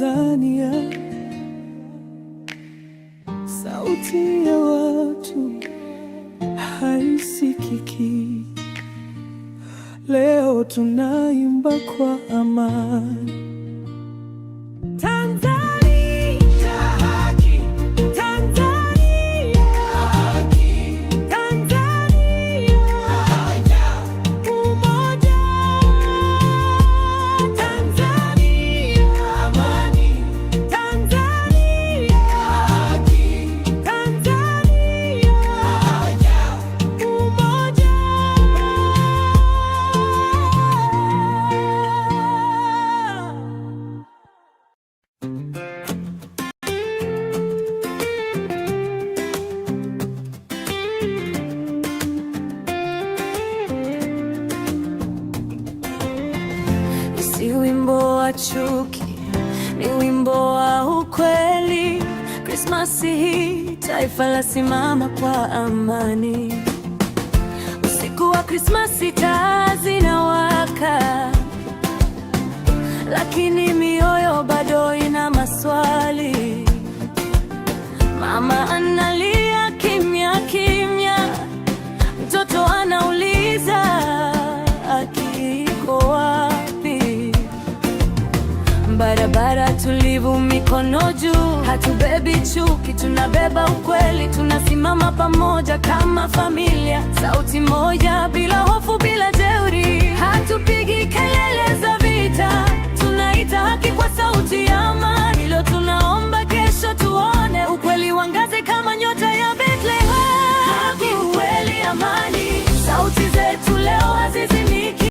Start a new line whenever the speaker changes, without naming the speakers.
Tanzania, sauti ya watu haisikiki. Leo tunaimba kwa amani
Tanzania.
si wimbo wa chuki, ni wimbo wa ukweli. Krismasi hii taifa la simama kwa amani. Usiku wa Krismasi taa zinawaka, lakini mioyo bado ina maswali. Mama ana barabara tulivu, mikono juu, hatubebi chuki, tunabeba ukweli, tunasimama pamoja kama familia, sauti moja, bila hofu, bila jeuri, hatupigi kelele